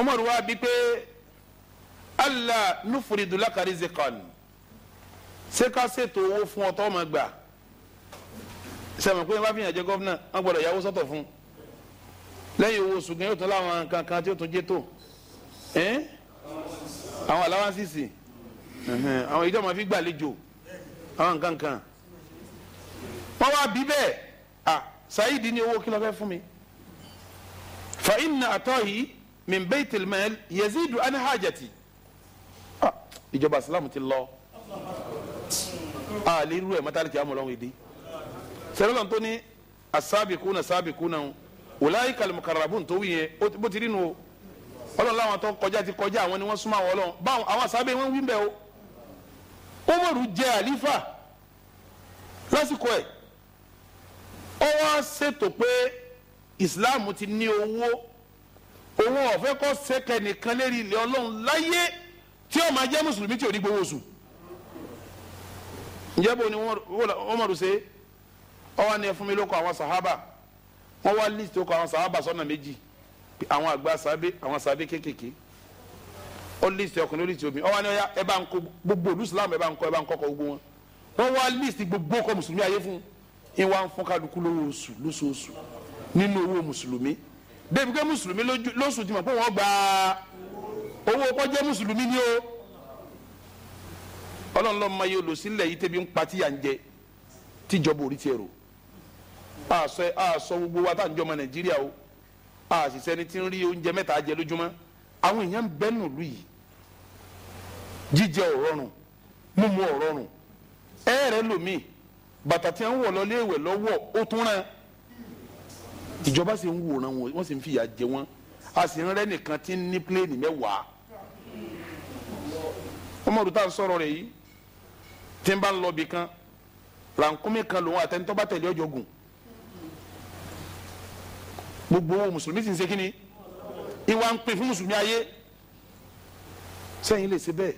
Umaru wa bi pé allah nufuridu kari rizqan ṣé ká ṣètò owó fún ọ tó máa gbà sẹ́mi pé wọ́n fi hàn jẹ́ gọ́fúnà wọ́n gbọ́dọ̀ yàwó sọ́tọ̀ fún lẹ́yìn owó oṣù kan yóò tún láwọn kankan tí ó tún jẹ́ tó àwọn aláwánsìsì àwọn ìjọ máa fi gbàlejò àwọn kankan wọ́n wá bí bẹ́ẹ̀ ah Saidi ní owó kí ló fẹ́ fún mi fa inna atọ́yìí min bayt al-mal yazidu an hajati ah, ìjọba islam ti lọ àlè irú ẹ̀ mọ́tàlì kí á mọ̀ lọ́wọ́ ìdí sẹ́lẹ̀ tó ní asábìkúnà sábìkúnà wòláyé kalimukarabun tó wíyẹn bó ti rí nu o ọlọ́run láwọn tó kọjá ti kọjá àwọn ni wọ́n súnmọ́ àwọn ọlọ́run báwọn àwọn asábẹ́ wọn wí bẹ́ẹ̀ o umaru jẹ́ àlífà lásìkò ẹ̀ ọ ṣètò pé islam ti ní owó òun ọ̀fẹ́ kọ́ sẹ́kẹ̀ nìkan lérí ilẹ̀ ọlọ́run láyé tí ó máa jẹ́ mùsùlùmí tí ò ní gbowó oṣù ǹjẹ́ bó ni wọ́n mọ̀rù ṣe ọwọ́ ni ẹ mi ló kọ àwọn sàhábà wọ́n wá list tó kọ àwọn sàhábà sọ́nà méjì àwọn àgbà sàbẹ àwọn sàbẹ kéékèèké ó list ọkùnrin ó list ọwọ́ ni ọ̀ya ẹ bá ń kọ gbogbo olú islam ẹ bá gbogbo wọn wọ́n wá list gbogbo mùsùlùmí ayé débi pé mùsùlùmí lóṣù ti mọ̀ pé wọ́n gba owó kọjá mùsùlùmí ni o ọlọ́run lọ́mọ yìí olùsílẹ̀ yìí tẹ́bi ń pa tíyà ń jẹ orí gbogbo wa o àṣìṣe ni ti ń rí oúnjẹ mẹ́ta jẹ lójúmọ́ àwọn èèyàn ń bẹ́nu lù yìí jíjẹ ọ̀rọ̀rùn mímu ọ̀rọ̀rùn ẹ̀ẹ́rẹ́ bàtà tí wọ́n wọ̀ lọ lọ́wọ́ ó tún ìjọba sì ń wòran wọn wọ́n sì ń fìyà jẹ wọ́n a sì ń rẹ́ nìkan tí ń ní pílẹ́ẹ̀nì mẹ́wàá ọmọdún tá à ń sọ̀rọ̀ rẹ̀ yìí tí ń bá ń lọ bì kan rànkúnmí kan lòun àtẹnitọ́ bá tẹ̀lé ọjọ́ gùn gbogbo owó mùsùlùmí sì ń ṣe kí ni ìwà ń pè fún mùsùlùmí ayé sẹ́yìn lè ṣe bẹ́ẹ̀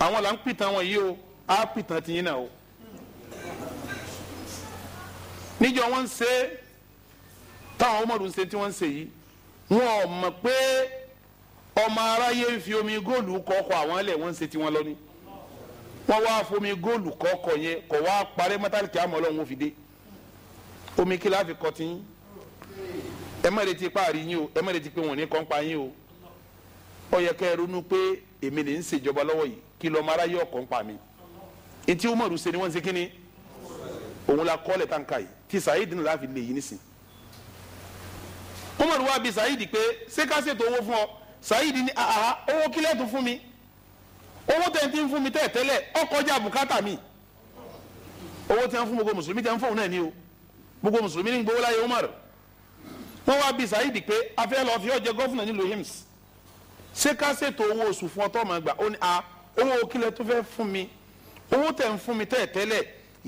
àwọn là ń pìtàn wọn yìí o á pìtàn tìyín náà o níjọ wọn ń ṣe táwọn ọmọdún ṣe tí wọn ń ṣe yìí wọn ò mọ̀ pé ọmọ aráyé ń fi omi góòlù kọ́kọ́ àwọn ẹlẹ́ wọn ń ṣe tí wọn lọ ní wọn wá fomi góòlù kọ́kọ́ yẹn kọ̀ wá parẹ́ mọ́tàlìkì àmọ́ ọlọ́run ó fi dé omi kí láàfin kọ́ tí ẹ má retí parí yín o ẹ má retí pé wọn ò ní kọ́ńpa yín o ó yẹ kẹ́ ẹ ronú pé èmi lè ń ṣèjọba lọ́wọ́ yìí kí lọ́mọ aráyé ọ̀kọ́ńpa mi etí ó ṣe ni wọ́n ṣe kí ni òun la kọ́lẹ̀ tá n ka yìí ti Saheed nù láfi lè yìí nísìn kọ́mọ̀lù wa bi Saheed pé ṣé ká ṣètò owó fún ọ Saheed ní aha owó kílẹ̀ tó fún mi owó tẹ̀ ń ti fún mi tẹ̀ tẹ́lẹ̀ ọkọjá bùkátà mi owó tí wọ́n fún gbogbo mùsùlùmí tẹ̀ ń fún òun náà ni o gbogbo mùsùlùmí ní gbowó láyé Umar wọ́n wá bi Saheed pé afẹ́ lọ fi ọ gọ́fúnà nílùú hims ṣé ká owó oṣù fún ọtọ́ ọmọ ẹgbà ó ní a owó kílẹ̀ tó fẹ́ fún mi owó tẹ̀ ń fún mi tẹ̀ tẹ́lẹ̀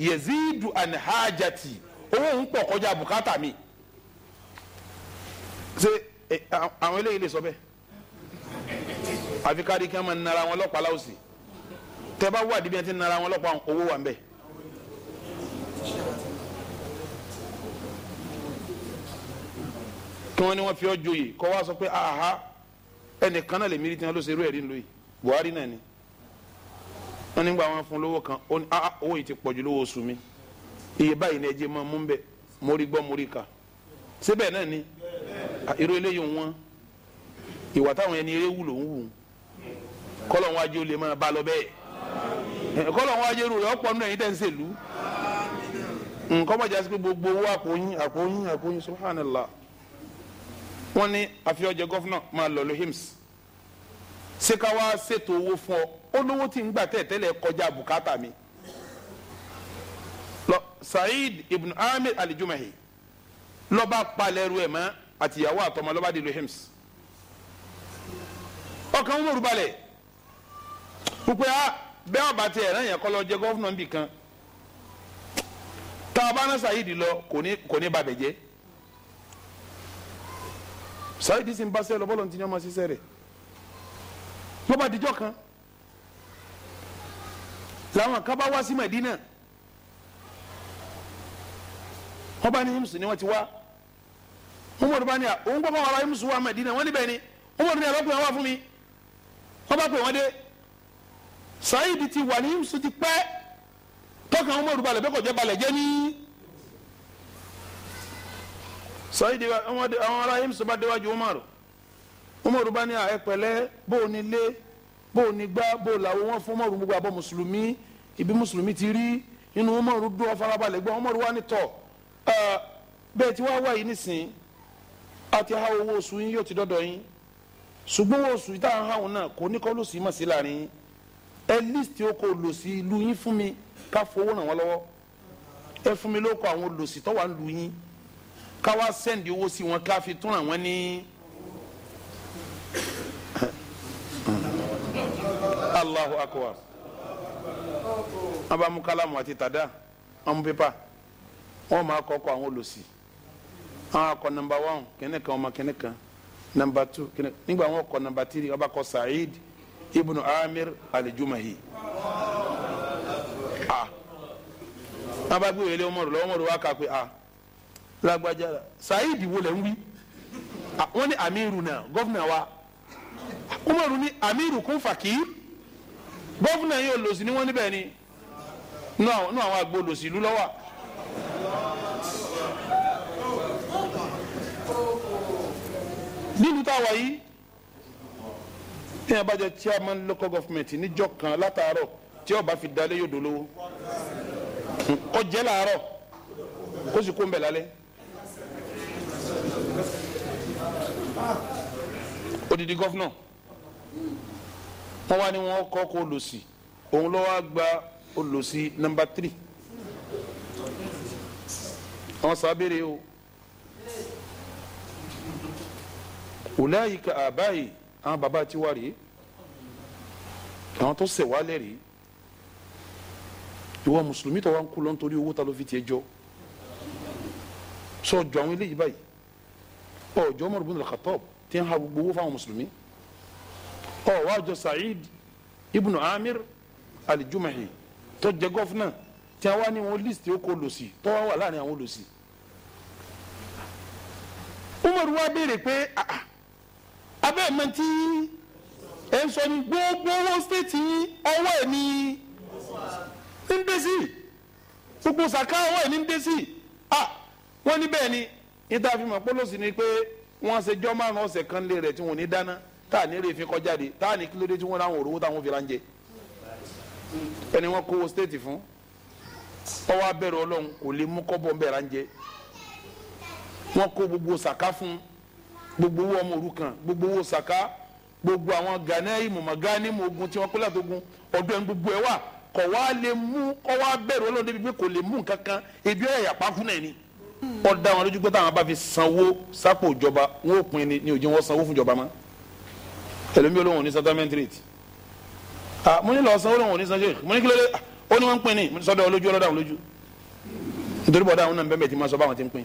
yezidu anhajati owó òun pọ̀ kọjá bùkátà mi ṣe àwọn eléyìí lè sọ bẹ́ẹ̀ àfi kárí kí wọ́n máa nara wọn lọ́pàá láwùsì tẹ́ bá wà díbi ẹni tí nara wọn lọ́pàá owó wà ń bẹ̀. kí wọ́n ní wọ́n fi ọ́ joyè kọ́ wá sọ pé aha ẹnìkan náà lè mírí tí wọ́n ló ṣe irú ẹ̀rí ńlò yìí Buhari náà ni wọn nígbà wọn fún lówó kan ó ní ah, ah owó yìí ti pọ̀jù lówó oṣù mi iye báyìí ni ẹjẹ máa mú bẹ mórí gbọ́ mórí kà síbẹ̀ náà ni irú eléyìí wọn ìwà táwọn ẹni eré wúlò ń wù kọ́lọ̀ wọn ajé ó lè máa bá lọ bẹ́ẹ̀ kọ́lọ̀ wọn ajé rú rẹ̀ ọ̀pọ̀ nínú ẹ̀yìn tẹ̀ ń nǹkan bàjẹ́ sí pé gbogbo owó àpòyín àpòyín àpòyín subhanallah wọ́n ní àfihàn jẹ gọ́fúnà máa lọ lọ ṣé ká wá ṣètò owó fún ọ ó lówó tí ń gbà tẹ́tẹ́lẹ̀ kọjá bùkátà mi lọ Said ibn Amir alijumahi lọ́ba palẹ̀rù ẹ̀ mọ́ àtìyàwó àtọmọ lọ́ba dìlú hims ọkàn wọn rúbalẹ̀ pípẹ́ a ah, bẹ́ẹ̀ ọba tẹ ẹ̀rọ yẹn kọ́ lọ jẹ gọ́fúnà níbì kan tá a bá ná Said lọ kò ní kò ní babẹ̀ jẹ́ Said sì ń bá sẹ́ lọ bọ́lọ̀ ní ti ní ọmọ sísẹ́ rẹ̀ bọ́ba dijọ́ kan làwọn kan bá wá sí Madina wọ́n bá ní himsu ni wọ́n ti wá Umaru bá ní à òun gbọ́ bá wà wá himsu wá Madina wọ́n níbẹ̀ ni Umaru ní àlọ́kùnrin wá fún mi wọ́n bá pè wọ́n dé Saidi ti wà ní himsu ti pẹ́ tọ́ka Umaru balẹ̀ bẹ́ẹ̀ kò jẹ́ balẹ̀ jẹ́ ní. Saidi àwọn ará himsu bá déwájú Umaru Umaru bá ní bóun ní lé bó o ní gbá bó o làwọn wọn fún Umaru gbogbo àbọ̀ mùsùlùmí ibi mùsùlùmí ti rí inú Umaru dúró farabalẹ̀ gbọ́ Umaru wá ní tọ̀ bẹ́ẹ̀ tí wàá wà yìí nísìn àti ha owó oṣù yín yóò ti dọ́dọ̀ yín ṣùgbọ́n owó oṣù yìí tá à ń hàn náà kò ní kọ́ lòsì mọ̀ sí láàrin yín ẹ o oko lòsì ìlú yín fún mi ká fowó ràn wọ́n lọ́wọ́ ẹ fún mi lóko àwọn lòsì tó ń lu yín ká wá sẹ́ǹdì owó sí wọn ká fi tún ràn wọ́n ní. Ni Allahu akbar wọ́n bá mú tada, àti tàdá wọ́n mú pépà wọ́n máa kọ́kọ́ àwọn olùsí àwọn akọ nọ́mbà wán kẹ́nẹ́ kan ọmọ kẹ́nẹ́ kan nọ́mbà tù kẹ́nẹ́ nígbà wọ́n kọ nọ́mbà tírì wọ́n bá kọ Sa'id ibnu Amir alijumahi a wọ́n bá gbé wẹlé ọmọdé lọ́wọ́ ọmọdé wà kà a lágbájá Sa'id wo lẹ́ ń wí wọ́n ní amiru náà gọ́fìnà wa ọmọdé ní amiru kún fàkìrì gọ́fúnà yìí olòṣì ni wọ́n níbẹ̀ ni nú àwọn àgbo olòṣì ìlú lọ́wọ́ nílùú táwa yìí tíyẹn bá jẹ chairman local government níjọ́ kan látàárọ̀ tí ó bá fi dalé yóò dolówó ó jẹ làárọ̀ ó sì kó ń bẹ lálẹ́ odidi gọ́fúnà wọ́n wá ní wọ́n kọ́ kó lòsì òun ló wá gba olòsì nọ́mbà tírì àwọn sábẹ́rẹ́ o wòláyìí ka àbáyé àwọn bàbá ti wá rèé àwọn tó ṣẹ̀ wálẹ̀ rèé ìwọ mùsùlùmí tó wá ń kú lọ nítorí owó ta ló fi tiẹ̀ jọ sọ jọ àwọn eléyìí báyìí ọ̀jọ́ mọ̀rùbùnú làkàtọ́ tí ń ha gbogbo owó fáwọn mùsùlùmí ọ wàá jọ Sa'id ibn Amir al-Jumahi tó jẹ gọfúnà tí a wá ní wọn list ó kó lòsì tó wá wà láàrin àwọn Umaru wa béèrè pé ah, ah, abẹ́ mi ti ẹ̀ ń sọ ni gbogbo owó stéètì ọwọ́ ẹ̀ ní ń dé sí gbogbo sàká ọwọ́ ẹ̀ ní ń dé sí ah, wọ́n ní bẹ́ẹ̀ ni níta fi mọ̀ pé lòsì ni pé wọ́n ṣe jọ́ márùn-ún ọ̀sẹ̀ kan lé rẹ̀ tí wọ́n ní dáná tá a ní rèé fi kọjá de tá a ní kílódé tí wọ́n láwọn òróró táwọn fi ránjẹ ẹni wọ́n kówó stéètì fún ọwọ́ abẹ́rẹ́ ọlọ́run kò lè mú kọ́bọ̀ ń bẹ̀ ránjẹ wọ́n kó gbogbo sàká fún gbogbo owó ọmọ òrukàn gbogbo owó sàká gbogbo àwọn ghanai mọ̀mọ́gání mọ̀ọ́gùn tí wọ́n kó látọ̀gùn ọ̀dọ́ ẹ̀ gbogbo ẹ̀ wà kọ̀ wá lè mú kọ́ wá bẹ̀rù débi pé kò lè mú nǹkan kan ebi ọ̀yà yàpá fún náà ni. ọ̀dà wọn lójú pé táwọn bá sanwó sápò ìjọba wọn ò pin ni ní òjò wọn sanwó fún ìjọba mọ́ ẹlòmíì olóhùn ní settlement rate ah mo ní lọ san olóhùn ní san sheikh mo ní kí ló dé ah, ó ní wọn ń pin ní sọ́dọ̀ olójú ọlọdà olójú nítorí bọdá àwọn náà ń bẹ́ẹ̀ tí máa sọ báwọn ti ń pin.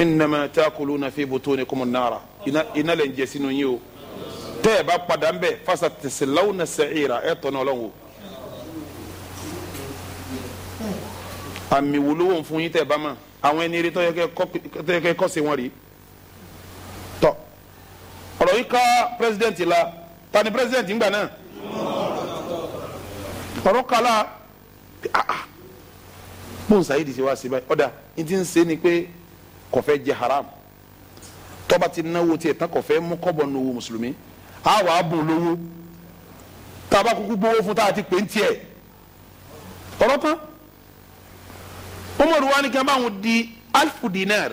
innama taakuluna fi butunikum an-nara iná lè ń jẹ sínú yín o tẹ́ ẹ bá padà ń bẹ̀ fasa taslawna sa'ira ẹ tọ̀nà ọlọ́run o. àmì wòlówó fún yín tẹ́ ẹ bá mọ̀ àwọn ẹni eré tó yẹ kẹ́ kọ́ sí wọn rèé ọ̀rọ̀ yìí ká pírẹsidẹ́ǹtì la ta ni pírẹsidẹ́ǹtì ńgbà náà ọ̀rọ̀ kala ah, ah. bóun sayidi ṣe wá sí báyìí ọ̀dà n ti ń ṣe ni pé kò jẹ haram tó bá ti náwó tiẹ̀ tán kò fẹ́ mú kọ́bọ̀ nowó mùsùlùmí a wà á bùn lówó tá a bá kúkú gbowó fún tá a ti pè ń tiẹ̀ ọ̀rọ̀ kan Umaru wa ni kí n bá wọn di alfu dinar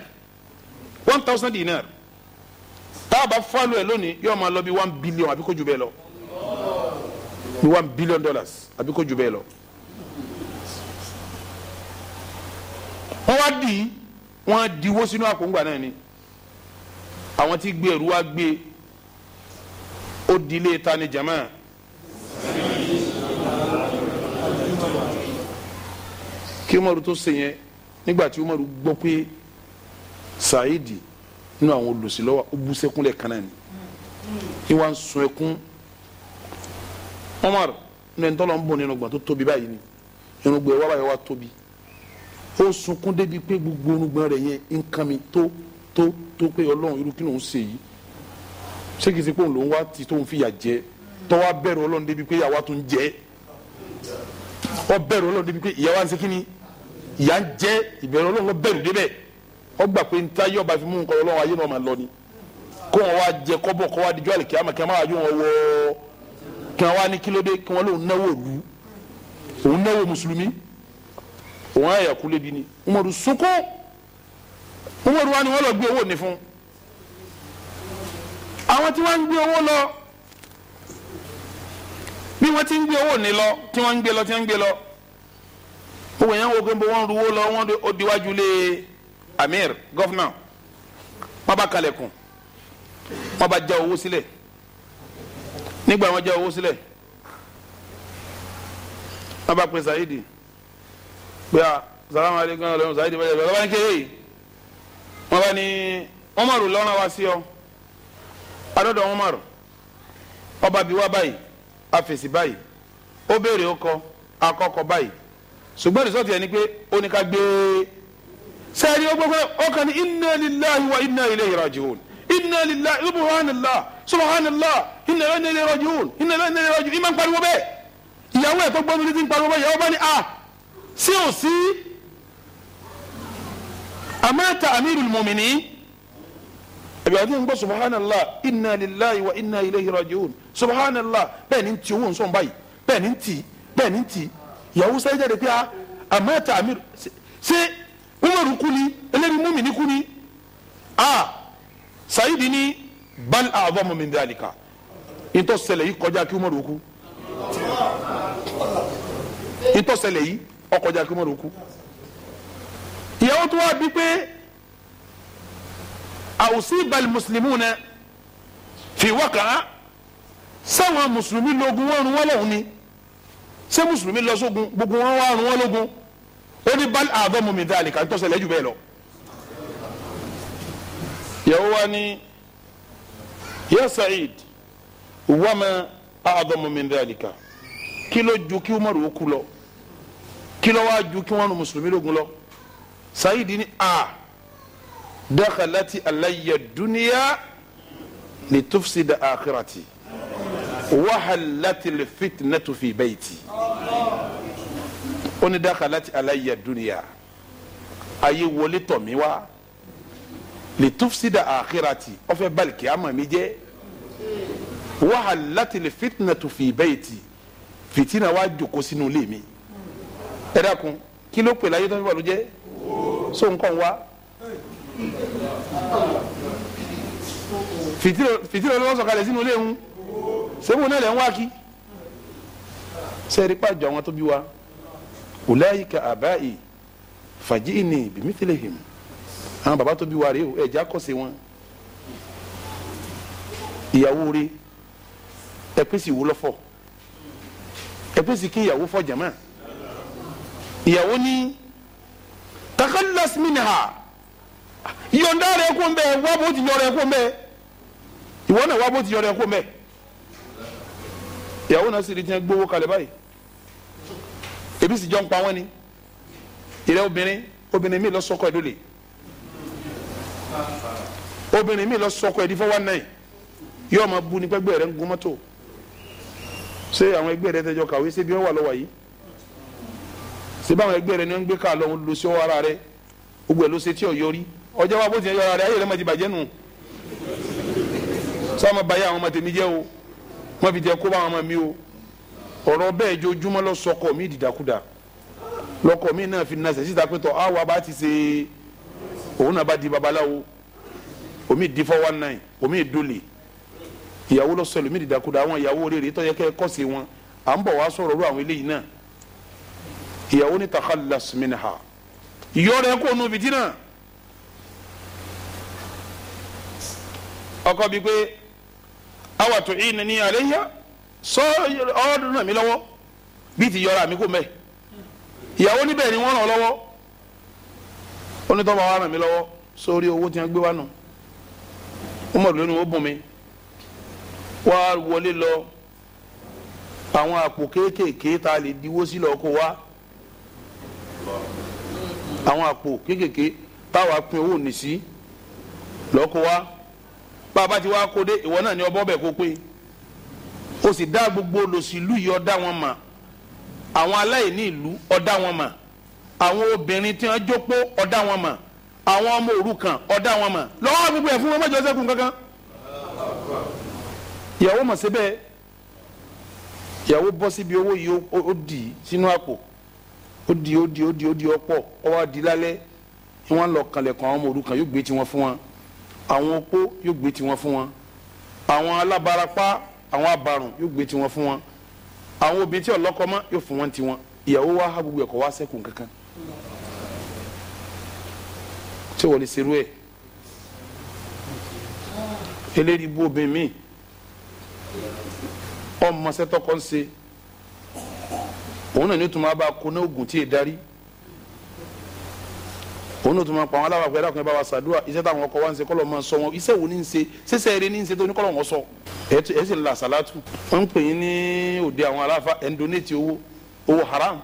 one thousand dinar tá a bá fọ́ọ̀lù ẹ̀ lónìí yóò máa lọ bí one billion àbí kò jù bẹ́ẹ̀ lọ bí one billion dollars àbí kò jù bẹ́ẹ̀ lọ. wọ́n wá dì í wọ́n á diwó sínú àpòǹgbà náà ni àwọn tí gbé ẹrú wá gbé ó dilé ta ni jama kí umaru tó ṣe yẹn nígbà tí umaru gbọ́ pé saidi nínú àwọn olùsìlọ́wọ́ ó bú sẹ́kún lẹ́ẹ̀kan náà ni ìwà ń sun ẹkún Umar nínú ẹni tọ́lọ̀ ń bọ̀ nínú gbọ̀n tó tóbi báyìí ni irun gbọ̀n wà báyìí wà tóbi ó sunkún débi pé gbogbo orúngbọ̀n rẹ̀ yẹn nǹkan mi tó tó tó pé ọlọ́run irú kí ló ń ṣe yìí ṣé kìí ṣe pé òun ló ń wá ti tóun fìyà jẹ tọ́wọ́ bẹ̀rù ọlọ́run débi pé ìyàwó tó jẹ ọ bẹ̀rù ọlọ́run débi pé ìyàwó ń ṣe kí ni ìyà ń jẹ ìbẹ̀rù ọlọ́run lọ bẹ̀rù débẹ̀ ọgbà pé ntayọ bá fi mú nǹkan Ọlọ́run ayé náà máa lọ ni kó wọn wá jẹ kọ́bọ̀ kó wá dijọ́ àlìkíyàmá kí wọn máa yọ wọn wọ kí wọn wá ní kílódé kí wọn lòun náwó lu òun náwó mùsùlùmí òun àyà kúlé bi ni Umaru sunkún Umaru wa ni wọn lọ gbé owó ní fún àwọn tí wọn ń gbé owó lọ bí wọn ti ń gbé owó ní lọ tí wọn ń gbé lọ tí wọn ń gbé lọ owó yẹn wo pé wọn ruwó lọ wọn ò diwájú lé e amir gọfúnà wọn bá kalẹ̀kùn wọn bá já owó sílẹ̀ nígbà wọn já owó sílẹ̀ wọn bá pè Saidi pé a salamu aleykum ọlọ́run Saidi bẹ́ẹ̀ bẹ́ẹ̀ lọ́wọ́ ní kéwì wọn bá ní Umaru lọ́rùn wá sí ọ adọ́dọ̀ Umaru ọba bí wá báyìí afèsì báyìí ó béèrè ó kọ akọkọ báyìí ṣùgbọ́n ìrìsọ́ọ̀tì ẹ̀ ni pé ó ní ká gbé sẹ́ẹ̀rí ọgbọ́n ọkàn ní inna lillahi wa inna ilayhi raji'un inna lillahi subhanallah subhanallah inna lillahi raji'un inna lillahi raji'un ìmọ̀ ń pariwo bẹ́ẹ̀ ìyàwó ẹ̀ tó gbọ́n lórí ti ń pariwo bẹ́ẹ̀ ìyàwó bá ní a ah, sí ò sí amata amirul mu'minin ẹ̀bí ọdún gbọ́ subhanallah inna lillahi wa inna ilayhi raji'un subhanallah bẹ́ẹ̀ ni ti owó nsọ́n báyìí bẹ́ẹ̀ ni ti bẹ́ẹ̀ ni ti ìyàwó sẹ́yìn jáde pé a ah, amata amir ṣe umaru kú ni eléyìí mú mi ní kú ni a sayidi ni bal a'zamu min dhalika ìtọ́ ṣẹlẹ̀ yìí kọjá kí umaru kú ìtọ́ ṣẹlẹ̀ yìí ó kọjá kí umaru kú ìyàwó tó wá bí pé awsiba al-muslimuna fi waqa sáwọn mùsùlùmí lógun wọn rún wọn lọ́hùn ni ṣé mùsùlùmí lọ sógun gbogbo wọn wá rún wọn lógun ó ní bal àdọ́mu mi dáàlì kà ń tọ́ ṣẹlẹ̀ jù bẹ́ẹ̀ lọ. ìyàwó wa ní ya Said wàmà àdọ́mu mi dáàlì kà kí ló ju kí Umaru ó kú lọ kí ló wá ju kí wọn nu mùsùlùmí lógun lọ Said ní a dakhalati alayya dunya litufsida akhirati wahalati lifitnatu fi bayti ó ní dakhalati alayya dunya ayé wọlé tọ̀ mí wá litufsida akhirati ó fẹ́ bali kiyama mi jẹ́ wahalati li fitnatu fi bayti fitina wá jókòó sínú ilé mi ẹ dákun kí ló pè láyé tó ń bọ̀ ló jẹ́ so nǹkan wá fitina ló ń sọ̀kalẹ̀ sínú ilé ń sẹ́wọ́n náà lẹ́ ń wá kí sẹ́ẹ̀rí wa ulaika abai fajini bimithlihim àwọn baba tó bí wa rè o ẹ̀já kọ́ sí wọn ìyàwó rẹ̀ ẹ pèsè ìwò kí ìyàwó fọ jama ìyàwó ní takallas minha yọ̀ǹda rẹ̀ kó mbẹ́ wá bó ti yọ rẹ̀ kó mbẹ́ ìwọ náà wá bó rẹ̀ kó mbẹ́ ìyàwó náà sì rí tiẹ̀ gbowó kalẹ̀ báyìí ebi sì jọ ń pa wọ́n ni ìrẹ́ obìnrin obìnrin mi lọ sọkọ ẹ̀ lólè obìnrin mi lọ sọkọ ẹ̀ di fún wa náà yóò ma bu ní pẹ́gbẹ́ rẹ̀ ń gun mọ́tò ṣé àwọn ẹgbẹ́ rẹ̀ tẹ́jọ́ kàwé ṣé bí wọ́n wà lọ́wọ́ yìí ṣé báwọn ẹgbẹ́ ni wọ́n ń gbé ká lọ́wọ́ lọ sí ọwọ́ ara rẹ̀ gbogbo ẹ̀ ló ṣe tí ò yọrí ọjọ́ wa bó ti yẹ yọra rẹ̀ ayé rẹ̀ ti bàjẹ́ nù sọ ma bàyá àwọn ọmọ tèmi jẹ́ o wọ́n fi jẹ́ kó bá àwọn ọmọ mi o ọ̀rọ̀ bẹ́ẹ̀ jojúmọ́ lọ sọkọ mi dìdàkudà lọkọ mi náà fi nasẹ̀ síta pé tọ́ àwa bá ti ṣe òun náà bá di babaláwo omi di four one nine omi dole ìyàwó lọ sọ ẹlòmíì dìdàkudà àwọn ìyàwó rere tó yẹ kẹ́ kọ́ sí wọn à ń bọ̀ wá sọ̀rọ̀ ru àwọn eléyìí náà ìyàwó ní takhalas minha yọrẹ kó nu fìtí náà ọkọ bíi pé awàtò ìnani àléyà sọ ọdún náà mi lọ́wọ́ bíi ti yọra mi kò mẹ́ ìyàwó níbẹ̀ ni wọ́n ràn lọ́wọ́ onítọ́ba wa ràn mí lọ́wọ́ sórí owó tí wọ́n gbé wá nù ó mọ̀ lónìí ó bùn mi wá wọlé lọ àwọn àpò kéékèèké tá a lè diwó sí lọ kó wá àwọn àpò kéékèèké táwa pin owó nì sí lọ kó wá bá a bá ti wá kó dé ìwọ náà ni ọbọ bẹ kó pé o sì dá gbogbo olòṣìlú yìí ọ̀dá wọn mọ̀ àwọn aláìní ìlú ọ̀dá wọn mọ̀ àwọn obìnrin tí wọ́n jókòó ọ̀dá wọn mọ̀ àwọn ọmọ òrukàn ọ̀dá wọn mọ̀ lọ́wọ́ gbogbo ẹ̀ fún wọn mọ́jọ sẹ́kùn kankan. ìyàwó mọ̀ síbẹ̀ ìyàwó bọ́ síbi owó yìí ó dì sínú àpò ó di ó di ó di ó ọ̀pọ̀ ó di lálẹ́ wọ́n lọ kanlẹ̀kùn àwọn ọmọ òrukàn yóò gbé tiwọn fún wọn àwọn opó yóò gbé tiwọn fún wọn àwọn alábarapá àwọn abarùn yóò gbé tiwọn fún wọn àwọn obìnrin tí ọlọ́kọ mọ́ yóò fún wọn tiwọn ìyàwó wa ha gbogbo ẹ̀kọ́ wa sẹ́kùn kankan tí wọ́n lè ṣerú ẹ̀ eléyìí bú obìnrin míì ọmọ sẹ́tọ́kọ́ ń ṣe òun náà ní tuma bá kó ní oògùn tí yé darí òun náà tuma pa àwọn aláwàpẹ́ ẹ̀dá kan bá wa ṣàdúrà iṣẹ́ táwọn ọkọ̀ wa ń ṣe kọ́lọ́ máa sọ wọn iṣẹ́ wo ni ń ṣe ṣẹṣẹ́ eré ni ń ṣe tó ní kọ́lọ́ wọn sọ ẹ sì ń la salatu ń pè yín ní òde àwọn aláfa ẹ̀ ń donate owó owó haram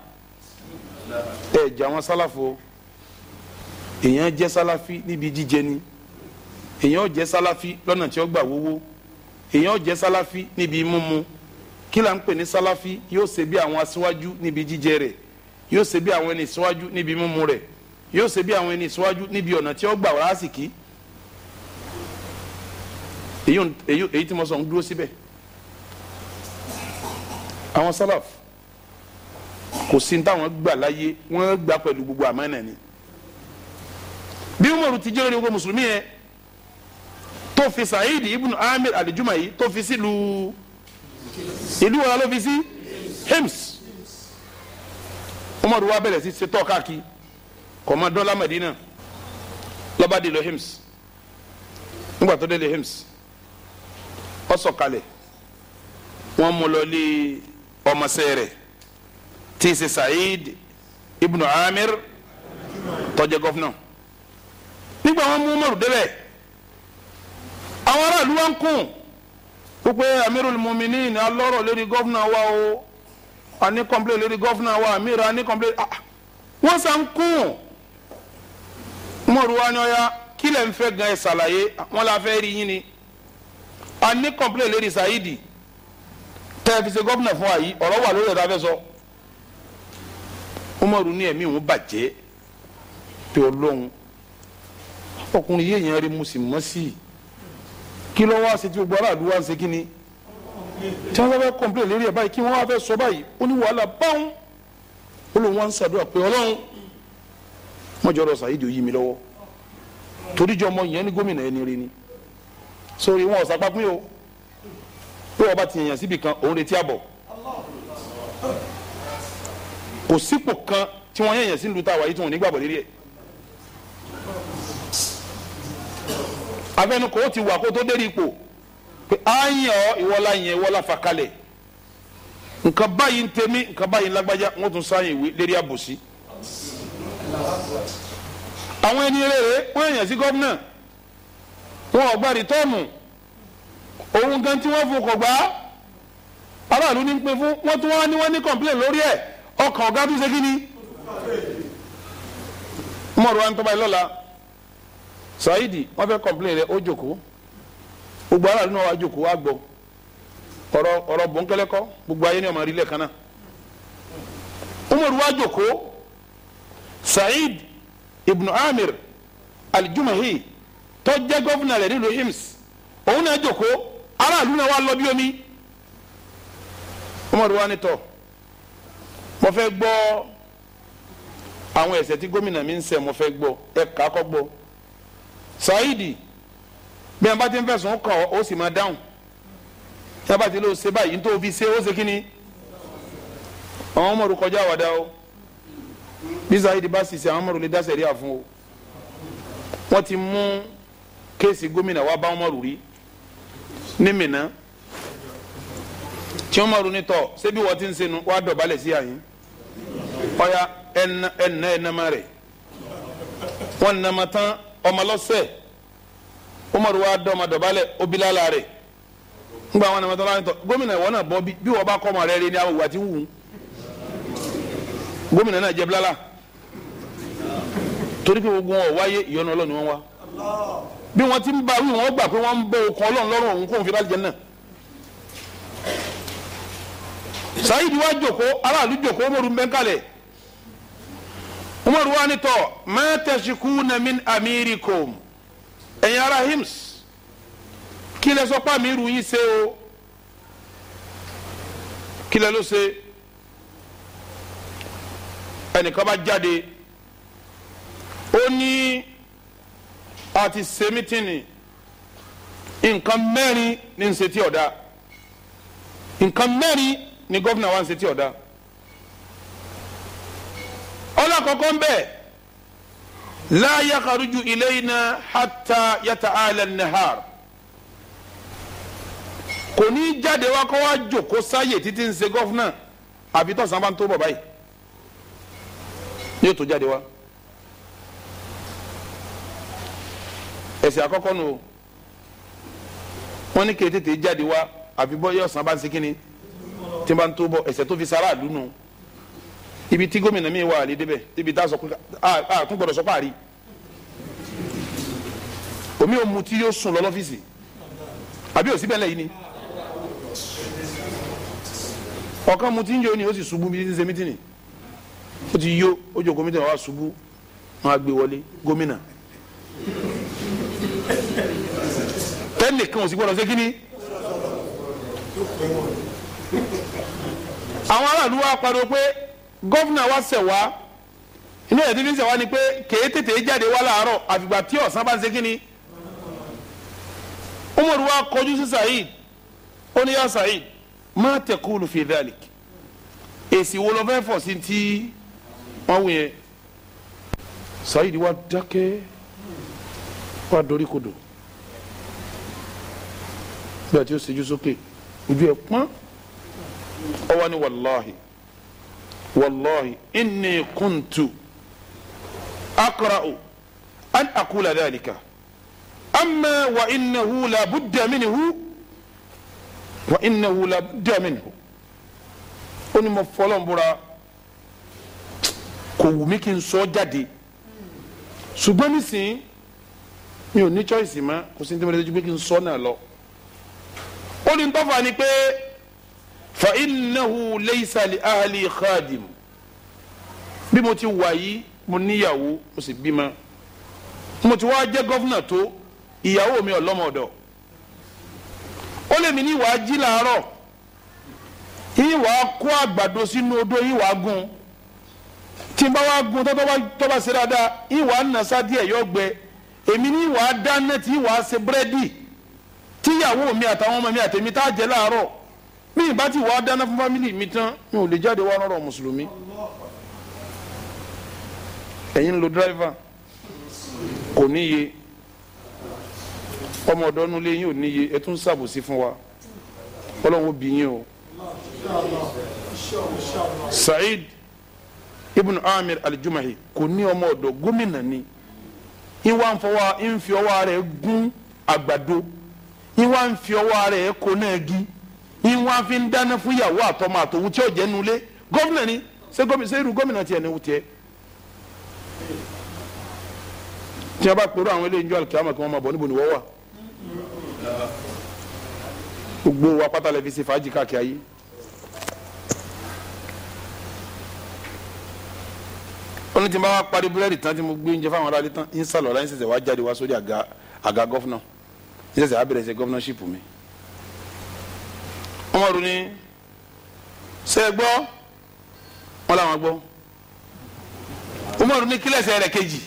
ẹ̀ jẹ́ àwọn sálàfo èèyàn jẹ́ sálàfi níbi jíjẹ ni èèyàn jẹ́ sálàfi lọ́nà tí ó gbà wówó èèyàn jẹ́ sálàfi níbi mímu kí là ń pè ní sálàfi yóò ṣe bí àwọn aṣíwájú níbi jíjẹ rẹ̀ yóò ṣe bí àwọn ẹni síwájú níbi mímu rẹ̀ yóò ṣe bí àwọn ẹni síwájú níbi ọ̀nà tí ó gbà wá àsìkí èyí tí mo sọ ń dúró síbẹ̀ àwọn sálàf kò sí ní táwọn gbà láyé wọ́n gbà pẹ̀lú gbogbo àmánà ni bí umaru ti jẹ́ lórí gbogbo mùsùlùmí yẹn tó fi saheed ibn amir alijuma yìí tó fi sí lu ìlú wa ló fi sí hims umaru wa bẹ̀rẹ̀ sí ṣe tọ́ káàkiri kọ̀mọ́dọ́lá madina lọ́ba dé lọ hims nígbà tó dé lọ hims ó sọ̀kalẹ̀ wọ́n mú lọ lé ọmọọṣẹ́ Amir tó jẹ́ gọ́fúnà nígbà wọ́n mú Umaru débẹ̀ àwọn aráàlú wa ń kún wípé Amirul Muminin alọ́rọ̀ lórí gọ́fúnà wa o a ní kọ́mplé lórí gọ́fúnà wa Amir a ní kọ́mplé ah, wọ́n sá ń kún Umaru wa ni ọ̀ya kí ń fẹ́ gan ẹ̀ ṣàlàyé wọ́n la fẹ́ rí yín ni a ní complain lady saidi tẹ́ ẹ fi ṣe gómìnà fún wa yìí ọ̀rọ̀ wà lórí ẹ̀dá fẹ́ sọ umaru ní ẹ̀mí òun bàjẹ́ pé ọlọ́run ọkùnrin yìí èèyàn rí mùsùlùmọ́sì kí ló wá ṣe tí gbogbo aráàlú wá ń ṣe kí ni tí wọ́n fẹ́ complain lórí ẹ̀ báyìí kí wọ́n wá fẹ́ sọ báyìí ó ní wàhálà báwọn ó lóun wá ń ṣàdúrà pé ọlọ́run mọ́jọ́rọ̀ saidi ò yí mi lọ́wọ́ toríjọ́ ọmọ yẹn ní gómìnà ẹni rí ni sórí wọn ọ̀sán pápín o pé ọba ti yàn síbi kan òun retí àbọ̀ kò sípò kan tí wọ́n yẹ̀yẹ̀ sí ń lu ta wàyí tí wọ́n nígbàgbọ́ lérí ẹ̀ afẹnukọ ó ti wà kó tó dérí ipò pé àyàn ọ ìwọlá yẹn ìwọlá fàkalẹ̀ nǹkan báyìí ń tẹ̀mí nǹkan báyìí ń lágbájá wọ́n tún sáyìn ìwé lérí àbòsí àwọn ẹni rere wọ́n yẹ̀yẹ̀ sí gómìnà wọn ò gbàdí tọ́ọ̀mù òun gan tí wọ́n fún kò gbá aráàlú ní pé fún wọ́n tún wá ní wọ́n ní complain lórí ẹ̀ ọkàn ọ̀gá tó ṣe kí ni. mọ̀rọ̀ wa ń tọ́ báyìí lọ́la Saidi wọ́n fẹ́ complain rẹ̀ ó jòkó gbogbo aráàlú náà wá jòkó wá gbọ́ ọ̀rọ̀ ọ̀rọ̀ bọ̀ńkẹ́lẹ́kọ́ gbogbo ayé ni ọmọ rí lẹ́ẹ̀kan náà. Umaru wá jòkó Said ibn Amir al-Jumahi tó jẹ́ gọ́fúnà rẹ̀ nílùú hims òun náà jòkó aráàlú náà wà lọ bí omi Umaru wa ni tọ̀ mo fẹ́ gbọ́ àwọn ẹ̀ṣẹ̀ tí gómìnà mi ń ṣẹ̀ mo fẹ́ gbọ́ ẹ kà á kọ́ gbọ́ Saidi bí wọn bá ti ń fẹ̀sùn kàn ó sì máa dáhùn tí wọn bá ti lọ ṣe báyìí tó fi ṣe ó ṣe kí ni àwọn Umaru kọjá àwàdà o bí Saidi bá sì ṣe àwọn Umaru lè dá sẹ̀ríà fún o wọ́n ti mú. kesi gómìnà wa bá Umaru rí ní Mínà tí Umaru sebi tọ̀ ṣebí wọ́n ti ń senu wá dọ̀bálẹ̀ sí àyín ọ̀ya ẹ̀nà ẹ̀nà ẹ̀nàmà wọn wọ́n nàmà Umaru wa obilala rẹ̀ ngba àwọn nàmà tán láyé gómìnà ìwọ náà bọ bi, bi bá kọ́ bilala torí ni bí wọ́n ti ń bá wí wọ́n gbà pé wọ́n ń bọ okùn ọlọ́run lọ́rùn òun kóun fi láti jẹ náà sayidi wa joko aráàlú joko umaru mbẹ́nkálẹ̀ umaru wa ni tọ́ ma tashikuna min amirikum ẹ̀yin ara hims kí lẹ sọ pé se o kí lẹ ló ṣe ẹnìkan jade jáde ó àti sèmítìnì nǹkan mẹ́rin ni ń ṣetí ọ̀dà nǹkan mẹ́rin ní gómìnà wa ń ṣetí ọ̀dà ọlọ́kọ̀ọ́kọ́ ń bẹ̀ láyà kàrújú ilé iná hàtà yàtà àlẹ́ nìhàr kò ní jáde wá kó wá jòkó sáyè títí ń ṣe gómìnà àbí tọ̀sán bá ń tó bọ̀ báyìí yóò tó jáde wá. ẹ̀ṣẹ̀ àkọ́kọ́ nù o wọ́n ní kí tètè jáde wá àfi bọ́ yọ̀sán bá ń sikini tí bá ń tó bọ̀ ẹ̀ṣẹ̀ tó fi sára àlú nù ibi tí gómìnà mi wà àlè débẹ̀ ibi tá a sọ pé a tún gbọdọ̀ sọ páàrí omi ò mu tí yóò sùn lọ lọ́fíìsì àbí òsì bẹ́ẹ̀ lẹ́yìn ni ọ̀kan mu tí ń yọ ni ó sì ṣubú bí ṣe mítìnì ó ti yó ó jókòó mítìnì wá ṣubú wọn á gbé wọlé gómìnà tẹ́nìkan ò sì gbọ́dọ̀ àwọn aráàlú wa pariwo pé wa wá inú wá ni pé kèé tètè jáde wá láàárọ̀ àfìgbà tí ọ̀sán bá ń ṣe Umaru wa kọjú sí Saheed ó ní yá Saheed má èsì wo lọ fẹ́ fọ̀ sí ti wọ́n wù wa dákẹ́. wá dorí kodò bí a ti ṣẹ́jú sókè ojú ẹ̀ pọ́n ọwọ́ ni wàláhi wàláhi inni kuntu akra'u an akula dhalika amma wa innahu la budda minhu wa innahu la budda minhu ó ní mo fọlọ́n kò wù mí kí n sọ jáde ṣùgbọ́n nísìnyí mi ò ní choice mọ́ kò sí ní tẹ́lẹ̀ lójú pé kí n sọ náà lọ. ó ní tọ́fà ni pé fa innahu laysa ahali khadim bí mo ti wà yìí mo níyàwó mo sì bímọ mo ti wá jẹ́ gọ́fúnà tó ìyàwó mi ọlọ́mọdọ̀ ó lè mi ní ìwà jí làárọ̀ ìwà kó àgbàdo sínú odó ìwà gun tí n bá wá gun tó bá ṣe dáadáa ìwà nàṣá díẹ̀ yọ gbẹ èmi ní ìwà dáná tí ìwà ṣe búrẹ́dì tíyàwó mi àtàwọn ọmọ mi àtẹ̀mí tá a jẹ láàárọ̀ mi ìbá ti wà á dáná fún fámìlì mi tán mi ò lè jáde wá rọrọ mùsùlùmí ẹ̀yin lo dírẹ́fà kò níye ọmọ ọ̀dọ́ nu lé yín ò níye ẹ tún ṣàbòsí fún wa ọlọ́run bí yín o Said ibn Amir al-Jumahi kò ní ọmọ ọ̀dọ́ gómìnà ni. iwa nfọwa fọwọ́ ń fi agbado rẹ̀ gún àgbàdo ìwà ń fi ọwọ́ rẹ̀ kó náà gi ìwà fi ń dáná fún ìyàwó àtọmọ àtòwú tí ó ni ṣé gómìnà ṣé irú gómìnà wù a bá pèrò àwọn eléyìí njọ́ alikiyama kí wọ́n máa níbo ni wà gbogbo ó ní tí n bá wá parí búrẹ́dì tán tí mo gbé oúnjẹ fáwọn aráàlú tán ń sàlọ̀ láyé ṣẹ̀ṣẹ̀ wá jáde wá sórí àga àga gọ́fúnà ń ṣẹ̀ṣẹ̀ wá bẹ̀rẹ̀ ṣe gọ́fúnàṣìpù mi. wọ́n rú ni ṣe gbọ́ wọ́n làwọn gbọ́ umaru ní kílẹ̀sẹ̀ rẹ̀ kejì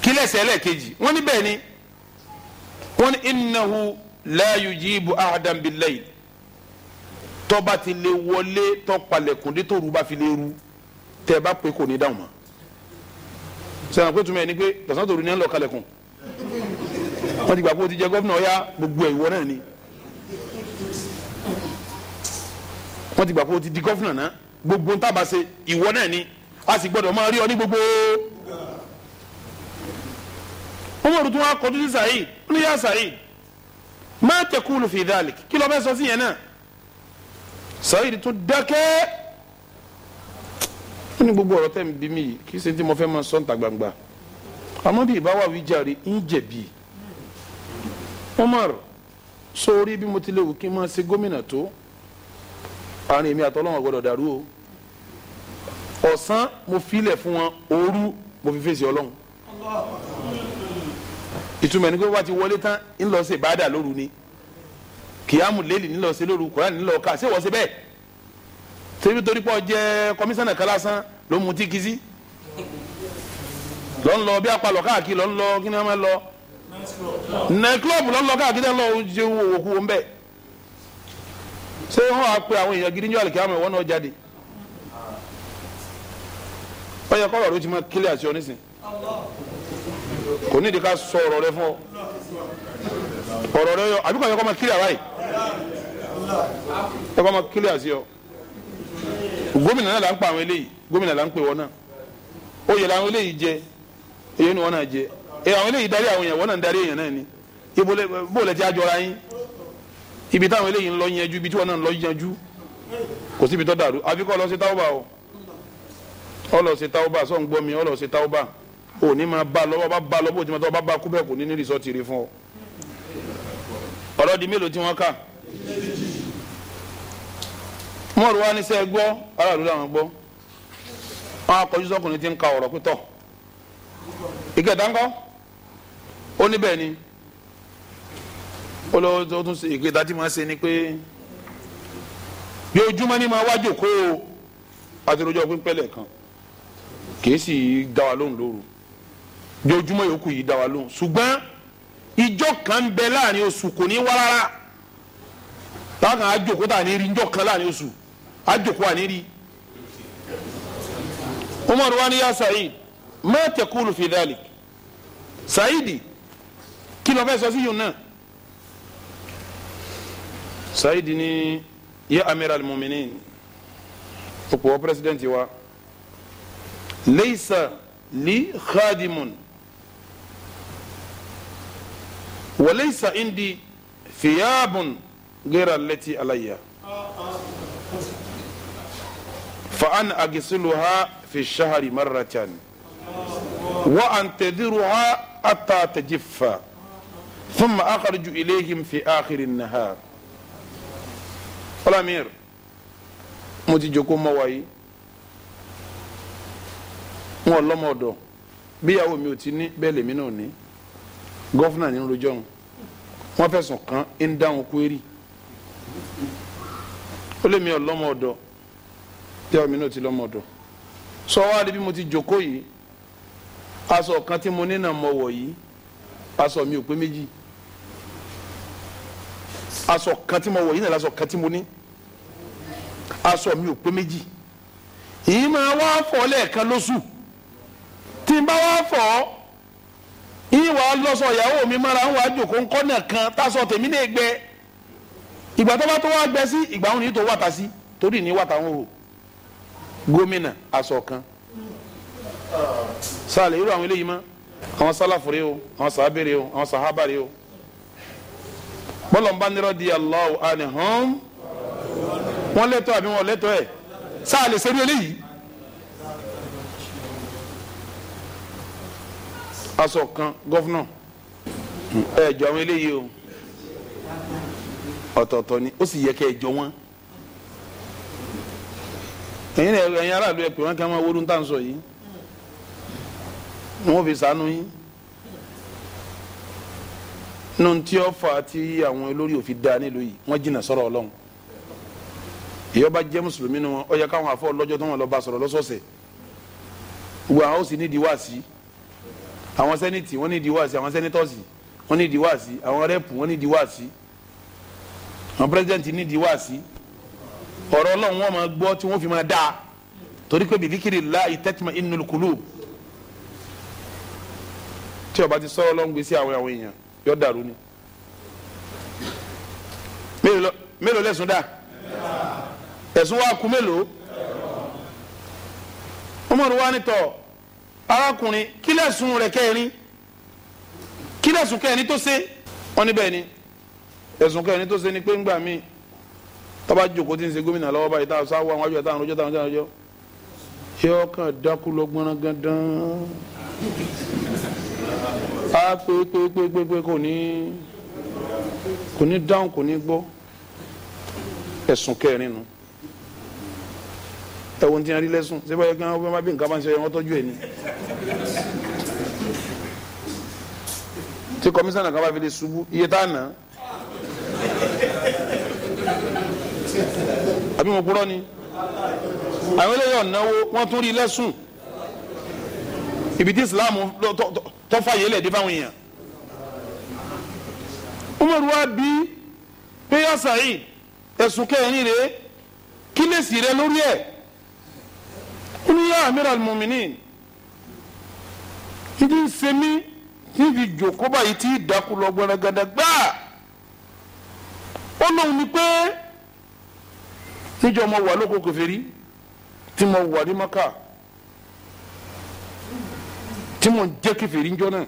kílẹ̀sẹ̀ rẹ̀ kejì wọ́n ní bẹ́ẹ̀ ni wọ́n ní innahu la yujibu ahadan bil layl tó bá ti lè wọlé tó palẹ̀kùndé tó rú bá fi lè rú tẹ ẹ bá pé kò ní dáhùn mọ́ sẹ́wọ̀n pé túmọ̀ ẹ ni pé tọ̀sán tòru ní ẹ lọ kalẹ̀kùn wọ́n ti gbà pé o ti jẹ gómìnà ọ̀yá gbogbo ẹ̀ ìwọ náà ni wọ́n ti gbà pé o ti di gómìnà náà gbogbo ń tábà ṣe ìwọ náà ni a sì gbọ́dọ̀ máa rí ọ ní gbogbo umaru tún wá kọjú sí Saheed ní yá Saheed má tẹkùlù fi kí ló fẹ́ sọ sí yẹn náà Saheed tún dákẹ́ ó ní gbogbo ọ̀rọ̀ tẹ̀mí bí mi yìí kì í ṣe tí mo fẹ́ máa sọ níta gbangba àmọ́ bí ìbá wà wíjàre ń jẹ̀bi Umar sórí bí mo ti léwu kí n máa ṣe gómìnà tó àárín èmi àtọ́lọ́wọ̀n gbọ́dọ̀ dàrú o ọ̀sán mo filẹ̀ fún wọn òru mo fi fèsì ọlọ́run ìtumọ̀ ní pé wá ti wọlé tán ńlọ ṣe ìbáàdà lóru ni kìyàmù lélì ńlọ ṣe lóru kọ́ra ńlọ ká ṣé wọ́n bẹ́ẹ̀ ṣebí torí pọ̀ jẹ́ kọmíṣánná kan lásán ló mutí kìsí lọ ń lọ bí apalọ káàkiri lọ ń lọ kí ni wọn máa lọ nẹkúlọ̀bù lọ ń lọ káàkiri lọ ń ṣe òwòkú wọn bẹ́ẹ̀ ṣé wọn á pe àwọn èèyàn gidi ní àlùkí àmọ́ ìwọ náà jáde ó yẹ kọ́rọ̀ ló ti máa kílẹ̀ àti kò ní ìdí ká sọ ọ̀rọ̀ rẹ fún ọ ọ̀rọ̀ rẹ yọ àbíkọ̀ yẹ kọ́ máa kílẹ̀ àwáyé yẹ kọ́ máa kílẹ̀ àti ọ gómìnà náà là ń pa àwọn eléyìí gómìnà là ń pè wọn náà oyè làwọn eléyìí jẹ èyí ni wọn náà jẹ ẹ àwọn eléyìí darí àwọn èèyàn wọn náà ń darí èèyàn náà ni ibo lẹ bó lẹ ti àjọra yín ibi táwọn eléyìí ń lọ yanjú ibi tí wọn náà ń lọ yanjú kò síbi tó dàrú àfi kọ́ lọ o ọ lọ sí táwọ́bà sọ̀ ń gbọ́ mi ọ lọ sí táwọ́bà ò ní máa bá lọ́wọ́ bá bá lọ́wọ́ òtí máa bá kú bẹ́ẹ̀ kò ní ní rìsọ́ọ̀tì rí fún ọ ọ̀rọ̀ di mélòó tí wọ́n kà wọ́n rò wá ní sẹ́ gbọ́ aráàlú làwọn wọn akọjú sọkùnrin ti ń ka pítọ̀ ìkẹta ńkọ́ ó níbẹ̀ ni ó lọ tó tún ṣe ìkẹta tí màá ṣe ni pé bí ojúmọ́ ni màá wájú kó o àti rojọ́ pínpẹ́lẹ̀ kan sì dá wa lóhùn lóru bí ojúmọ́ yòókù yìí dá wa lóhùn ṣùgbọ́n ìjọ kan bẹ láàrin oṣù kò ní wá rárá táwọn kan á tà أجو خوانيري عمر واني يا سعيد ما تقول في ذلك سعيدي كيلو بس أزيونا سعيدي يا أمير المؤمنين أبو بريزيدنت وا ليس لي خادم وليس عندي ثياب غير التي عليا آه، آه. فأن أغسلها في الشهر مرة وأنتظرها حتى تجف ثم أخرج إليهم في آخر النهار فلامير موتي جوكو مواي wọn lọmọ ọdọ bíyàwó mi ò ti ní bẹ́ẹ̀ lèmi náà ní gọfúnà ní lójọ ń wọn fẹ̀sùn kàn ń dáhùn kúérì ó lèmi ọlọmọ ọdọ tẹ́wọ̀n mi náà ti lọ́mọ ọ̀dọ̀ sọ wá rí bí mo ti jókòó yìí aṣọ kan tí mo ní náà mọ̀ wọ̀ yìí aṣọ mi ò pé méjì aṣọ kan tí mo wọ̀ yìí náà aṣọ kan tí mo ní aṣọ mi ò pé méjì yìí máa wá fọ̀ lẹ́ẹ̀kan lóṣù tí n bá wá fọ̀ ọ́ ìwà lọ́sọ̀ ìyàwó mi mára ń wá jòkó ńkọ́nà kan tásọ tèmi náà gbẹ ìgbà tó bá tó wá gbẹ sí ìgbà òun ní tó wàtà sí torí ní wàtà òun o gómìnà aṣọ kan sàlẹ̀ irú àwọn eléyìí mọ́ àwọn sálàfúrẹ́ o àwọn sàábẹ̀rẹ̀ o àwọn sàhábàrẹ̀ o bọ́lọ̀ ń bá nírọ̀ di Allahu anhum wọ́n lẹ́tọ̀ àbí wọ́n lẹ́tọ̀ ẹ̀ sàlẹ̀ sẹ́rí eléyìí aṣọ kan gọ́fúnà ẹ̀ jọ àwọn eléyìí o ọ̀tọ̀ọ̀tọ̀ ni ó sì yẹ kẹ́ ẹ jọ wọ́n. Ni ẹ̀yin aráàlú ẹ pè wọ́n kí wọ́n máa wọ́dún tá à ń sọ yìí wọ́n fi sànú yín nínú tí ó fà á tí àwọn olórí òfin da nílùú yìí wọ́n jìnnà sọ̀rọ̀ ọlọ́run ìyọba jẹ́ mùsùlùmí ni wọn ó yẹ káwọn afọ lọ́jọ́ tó wọn lọ́ọ́ bá sọ̀rọ̀ lọ́sọ̀ọ̀sẹ̀ gbogbo àwọn ó sì nídìí wáàsí àwọn sẹ́nìtì wọ́n nídìí wáàsí àwọn sẹ́nìtọ́sì wọ́n nídìí wáàsí àwọn rẹ́pù wọ́n nídìí wáàsí àwọn pírẹ́sidẹ̀ntì nídìí wáàsí ọ̀rọ̀ ọlọ́run wọn máa gbọ́ tí wọ́n fi máa dáa torí pé bìdíkìrì la ìtẹ́tìmọ̀ inú kùlù tí ọba ti sọ̀rọ̀ ọlọ́run gbèsè àwọn àwọn èèyàn yọ dàrú ni mélòó lẹ́sùn dà ẹ̀sùn wa kú mélòó ọmọdé wa ni tọ̀ arákùnrin kí lẹ́sùn rẹ̀ kẹrin kí lẹ́sùn kẹrin tó ṣe wọ́n ní bẹ́ẹ̀ ni ẹ̀sùn kẹrin tó ṣe ni pé ńgbà míì tọ́ba jòkó tí ń ṣe gómìnà lọ́wọ́ báyìí tá a sáwọ́ àwọn àjọ táwọn ọjọ́ táwọn ọjọ́ ọjọ́ yóò kàn dákú lọ gbọ́n gandan á pé pé pé pé pé kò ní kò ní dáhùn kò ní gbọ́ ẹ̀sùn kẹrin nu ẹ̀wọ̀n tí wọ́n rí lẹ́sùn ṣé báyọ̀ gan ọba bí nǹkan bá ń ṣe wọ́n tọ́jú ẹ̀ ni. tí kọmísánná kan bá fi lè ṣubú iye tá a nà àbí mo kúrọ́ ni àwọn eléyọ̀ náwó wọ́n tún rí lẹ́sùn ibi tí Islam tó fàyè lẹ̀ dé fáwọn èèyàn Umar wa bí péyà Saheed ẹ̀sùn kẹrin rèé kí lè sì rẹ lórí ẹ̀ ó ní yá amir al-muminin ìdí ń ṣe mí tí fi jòkó báyìí tí ìdákú lọ gbẹrẹgẹdẹ gbáà ó lóun ni pé níjọ́ mo wà lóko kèfèrí tí mo wà ní maka tí mo jẹ́ kèfèrí níjọ́ náà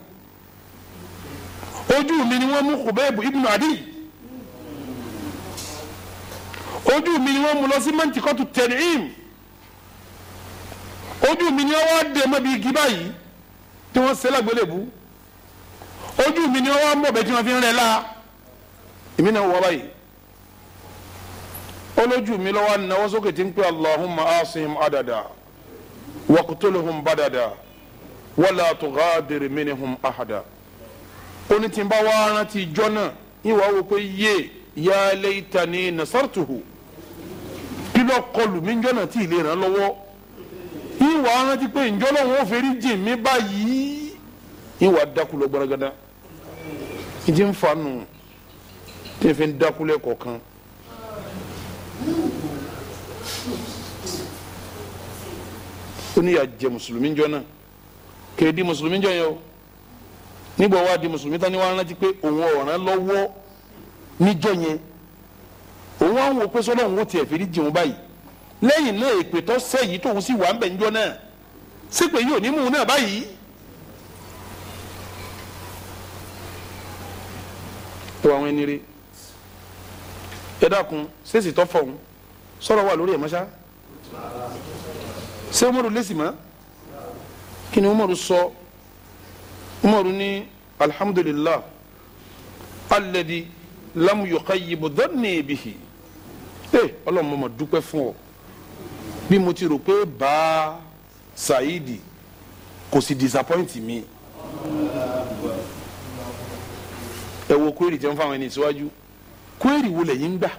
ojú mi ni wọ́n mú Khubayb ibn Adi ojú mi ni wọ́n mú lọ sí mẹ́ntikọ́tù Tan'im ojú mi ni wọ́n wá dé mọ́bi igi báyìí tí wọ́n ṣẹlẹ̀ gbélébùú ojú mi ni wọ́n mọ̀ bẹ́ẹ̀ tí wọ́n fi ń rẹ̀ la èmi náà wọ́ báyìí olójú mi lọ́wọ́ náwó sókè tí ń pè allahumma asim adada wakutuluhum badada wala tughadiri minihum ahada oní tí n bá wá rántí ijọ́ náà ìwà wo pé yé ya laytani nasartuhu kí ló kọlù mí njọ́ tí ìlera ràn lọ́wọ́ ìwà rántí pé njọ́ náà wọ́n fẹ́rí jì mí báyìí ìwà dákulọ̀ gbọ́dọ̀gbọ́dọ̀ ìdí ń fa nù ń dákulẹ̀ kọ̀ọ̀kan. ó ní ìyà jẹ mùsùlùmí jọ náà kèé di mùsùlùmí jọ o nígbà wàá di mùsùlùmí tán ni wàá rántí pé òun ọ̀ràn lọ́wọ́ níjọ yẹn òun àwọn wò pé sọ́dọ̀ òun ó tiẹ̀ fìdí jìun báyìí lẹ́yìn náà èpè tó sẹ́ yìí tóun sì wà ń bẹ̀ níjọ náà sípè yìí ò ní mú un náà báyìí. tó àwọn ẹni rí ẹ dákun ṣèṣì tó fọ̀hún sọ̀rọ̀ wà lórí ẹ̀ mọ́ṣá se umaru lè sì mọ́ kí ni umaru sọ umaru ní alhamdulilah alẹ́dí lamuyọ̀ká yìí bọ̀ dọ́ni ebihi ẹ ọlọ́run mo mà dúpẹ́ fún ọ bí mo ti rò pé bàá saidi kò sì disappoint mi ẹ wo kwérì tẹ́ ń fáwọn ẹni síwájú kwérì wo lẹ́yìn ń gbà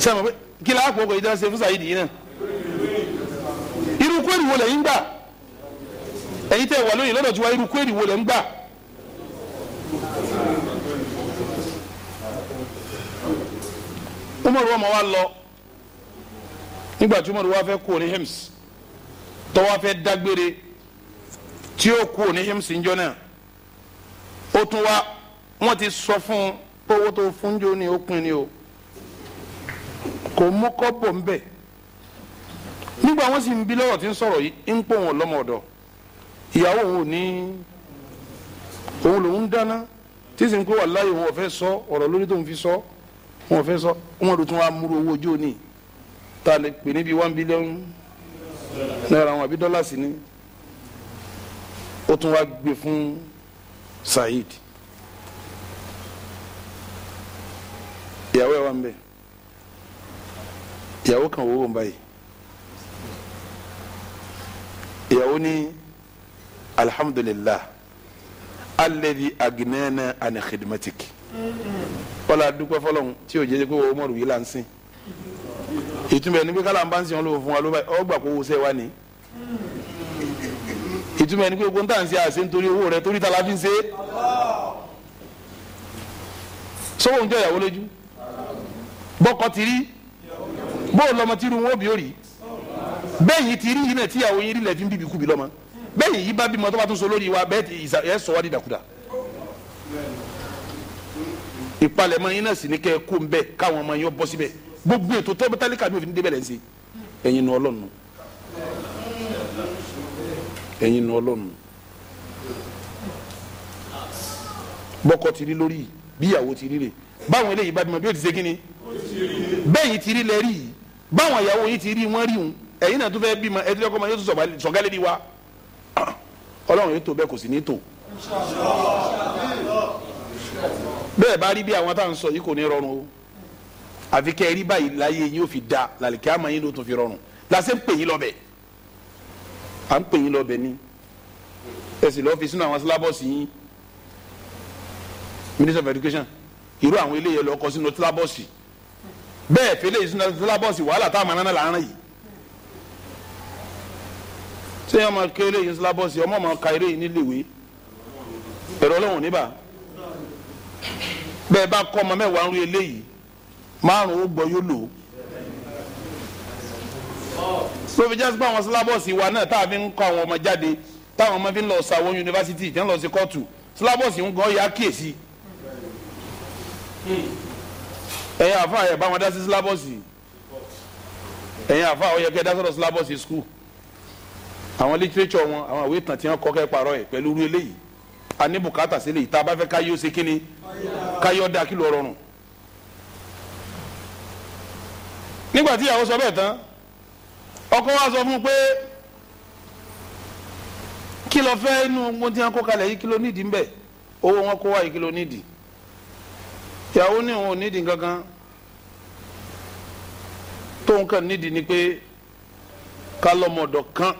sẹ́wọ̀n pé kí láà pọ̀ kọ̀yí dánsẹ̀ fún Saheed yìí náà irú kwérì wo lẹ́yìn gbà ẹ̀yin tẹ́ wà lóyìn tí wá irú kwérì wo lẹ́yìn Umaru ọmọ wa lọ nígbà tí Umaru wa fẹ́ kú ní Hims tó wá fẹ́ dágbére tí ó kú ní Hims níjọ́ náà ó tún wá wọ́n ti sọ fún un pé fún jò ni o. Ni o kò mú kọ́bọ̀ ńbẹ nígbà wọn sì ń bi lọ́wọ́ tí ń sọ̀rọ̀ yìí ń pò wọn lọ́mọ ọ̀dọ̀ ìyàwó òun ò ní òun lòún dáná tí sì ń pé wàláyé wọn ò fẹ́ sọ ọ̀rọ̀ lórí tó ń fi sọ wọn ò fẹ́ sọ wọn lò tún wá múru owó ojú òní ta lè pè níbi one billion náírà wọn àbí dọ́là sí ni ó tún wá gbé fún Saheed ìyàwó ẹ̀ wá ń bẹ̀ ìyàwó kan wò wọn báyìí ìyàwó ní alihamudulilayi alẹ́bi agnẹ́nà ani khidmatik wọ́n la dúpẹ́ fọlọ́n tí o jẹ́jẹ́ pé o mọ̀rù yìí la ń sìn ìtumọ̀ ẹni pé kálá ń bá ń sìn ọ́ ló fún wa ló bá ọ gbà kó o sẹ́ wa ni ìtumọ̀ ẹni pé o kò ń tà ń sẹ́ àṣẹ nítorí owó rẹ torí ta la fi ń sẹ́ sọ́wọ́n ìyàwó lójú bọ́kọ ti bóò lọmọ tí irú wọn bí ó rí bẹ́ẹ̀ yìí ti rí yìí náà tíyàwó yín rí lẹ́ẹ̀fín bíbí kúbi lọ́mọ bẹ́ẹ̀ yìí bá bímọ tó bá tún so lórí wa bẹ́ẹ̀ ti ẹ̀ sọ wá dídàkudà ìpalẹ̀mọ́ yín náà sì ní kẹ́ ẹ kó ń bẹ́ẹ̀ káwọn ọmọ yín ó bọ́ síbẹ̀ gbogbo ètò tọ́ bẹ́tálíkà ní òfin débẹ̀lẹ̀ ń ṣe ẹ̀yin nu ọlọ́run ẹ̀yin nu ọlọ́run bọ́kọ ti rí lórí bíyàwó ti rí rè báwọn eléyìí bá bímọ bí ó ti ṣe kí bẹ́ẹ̀ yìí ti rí lẹ́rìí báwọn ìyàwó yìí ti rí wọn rí wọn ẹ̀yin náà tún fẹ́ bímọ ẹ ti lọ́kọ́ ọmọ yóò tún sọ̀gálẹ́ di wa ọlọ́run yóò tó bẹ́ẹ̀ kò sì ní tò bẹ́ẹ̀ bá rí bí àwọn tá à ń sọ yìí kò ní rọrùn o àfi kẹ́ ẹ rí báyìí láyé yín ó fi da làlìkẹ́ àmọ́ yín ló tún fi rọrùn làṣẹ ń pè yín lọ́bẹ̀ à ń pè yín lọ́bẹ̀ ni ẹ lọ́ọ́ fi sínú àwọn sílábọ̀sì yín minister of education irú àwọn eléyẹ lọ́ọ́ kọ sínú sílábọ̀sì bẹ́ẹ̀ fẹlẹ́ yìí sílábọ̀sì wàhálà táwọn anáná là ń rìn yìí sẹ́yìn ọmọ kéré yìí sílábọ̀sì ọmọ ọmọ kairé yìí níléèwé ẹ̀rọ ọlọ́run níbà bẹ́ẹ̀ bá kọ́ ọmọ mẹ́wàá ń rí eléyìí márùn-ún ó gbọ́ yóò lò ó tó fi jásí pé àwọn sílábọ̀sì wa náà tá a fi ń kọ́ àwọn ọmọ jáde táwọn ọmọ fi ń lọ sàwọn yunifásitì tí lọ sí kóòtù sílábọ̀sì ń gan ya kíyèsí ẹ̀yin àfa ẹ̀ bá wọn dá sí sílábọ̀sì ẹ̀yin àfa ó yẹ kẹ́ dá sọ̀rọ̀ sílábọ̀sì skul àwọn lítírẹ́tsọ̀ wọn àwọn ìwé ìtàn tí wọ́n kọ́ kẹ́ parọ́ ẹ̀ pẹ̀lú irú eléyìí a ní bùkátà sílẹ̀ ìta bá fẹ́ káyọ̀ ṣe kínní káyọ̀ dá kí ló rọrùn. nígbà tí ìyàwó sọ bẹ́ẹ̀ tán ọkọ wa sọ fún pé kí ló fẹ́ inú ohun tí wọ́n kó kalẹ̀ yìí kí ló nídìí ń bẹ̀ owó wọn kó wá yìí kí ló nídìí ìyàwó ní òun ò nídìí kankan tóun kàn nídìí ni pé ká lọ́mọdọ̀ kan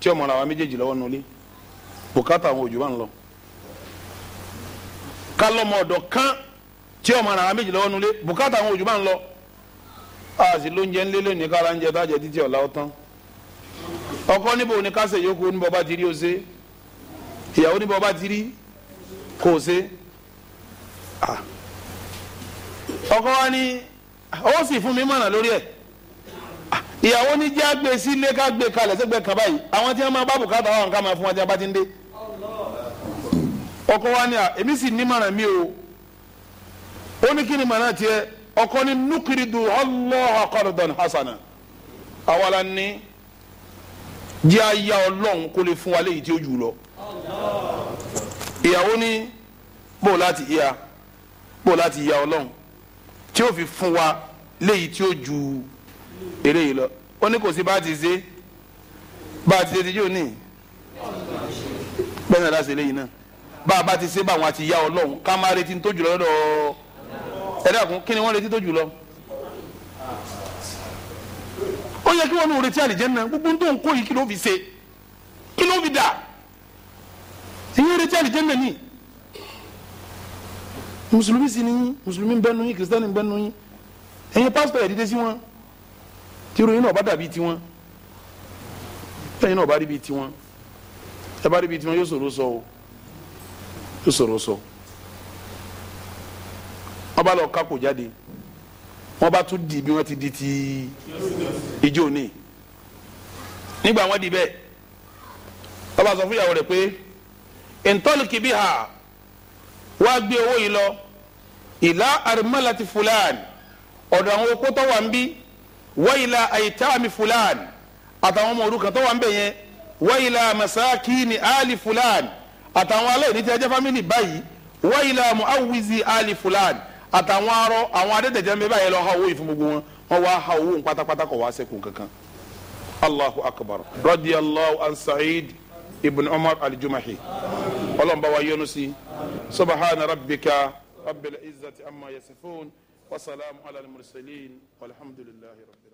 tí ọmọ làwọn méjèèjì lọ́wọ́ nulẹ̀ bùkátà àwọn òjò bá ń lọ ká lọ́mọdọ̀ kan tí ọmọ làwọn méjèèjì lọ́wọ́ nulẹ̀ bùkátà àwọn òjò bá ń lọ àti lóúnjẹ ńlẹ́ lónìí kára ń jẹ tájẹ títí ọ̀la ọ̀tán ọkọ níbo ni kásẹ̀ yòókù níbo bá ti rí o ṣe ìyàwó níbo bá ti rí kò ṣe ah. ọkọ wa ni ó sì fún mi mọ̀nà lórí ẹ̀ ìyàwó ní jẹ́ àgbè sí ilé ká gbé kalẹ̀ sẹ́gbẹ̀ẹ́ kaba báyìí àwọn tí wọ́n máa bá bùkátà wọn ká máa fún wọn tí wọ́n bá ti ń dé ọkọ wa ni à èmi sì ní mọ̀nà mi o ó ní kí ni mọ̀nà tiẹ̀ ọkọ ni nukiridu Allah akọrọdọ̀n hasana awala ni jẹ́ àyà ọlọ́run kó lè fún wa léyìí tí ó jù lọ ìyàwó ni bó láti yá bó láti yá ọlọ́run. tí ó fi fún wa léyìí tí ó ju eléyìí lọ ó ní kò sí bá a ti ṣe bá a ti ṣe ti yóò ní bẹ́ẹ̀ náà láti eléyìí náà bá a bá ti ṣe báwọn àti ya ọlọ́run ká máa retí tó jùlọ lọ́dọ̀ ẹ̀dá kún kí ni wọ́n retí tó jùlọ. ó yẹ kí wọ́n ní retí àlìjẹ́nà gbogbo tó ń kó yìí kí ló fi ṣe kí ló fi dà ìyẹn retí àlìjẹ́nà nìyí mùsùlùmí sì nìyí mùsùlùmí ń bẹ nu yín kìrìsìtẹ́nì ń bẹ nu yín ẹ̀yin pásítọ̀ ẹ̀ dídé sí wọn tí ìròyìn náà bá dàbí tiwọn ẹ̀yin náà bá rí bíi tiwọn ẹ bá rí bíi tiwọn yóò ṣòro sọ o yóò ṣòro sọ wọn bá lọ kákò jáde wọn bá tún di bí wọn ti di ti ijó ní nígbà wọn di bẹ́ẹ̀ wọn bá fún ìyàwó rẹ̀ pé ntọ́lù ha wá gbé owó yìí lọ ìlà arimalati fulani ọ̀dọ̀ àwọn okó tó wà ń bí wáyìlà àyítàmì fulani àtàwọn ọmọ òrukàn tó wà ń bẹ̀ yẹn wáyìlà masakini ali fulani àtàwọn aláìní tí a jẹ́ fámìlì báyìí wáyìlà muawizi ali fulani àtàwọn arọ àwọn adẹ́tẹ̀jẹ́ ń bẹ báyìí lọ ha owó yìí fún gbogbo wọn wọn wá ha owó pátápátá kọ̀ wá sẹ́kùn kankan allahu akbar radiyallahu an ibn umar al ọlọ́nba wa yọ́nú sí i. سبحان ربك رب العزة عما يصفون وسلام على المرسلين والحمد لله رب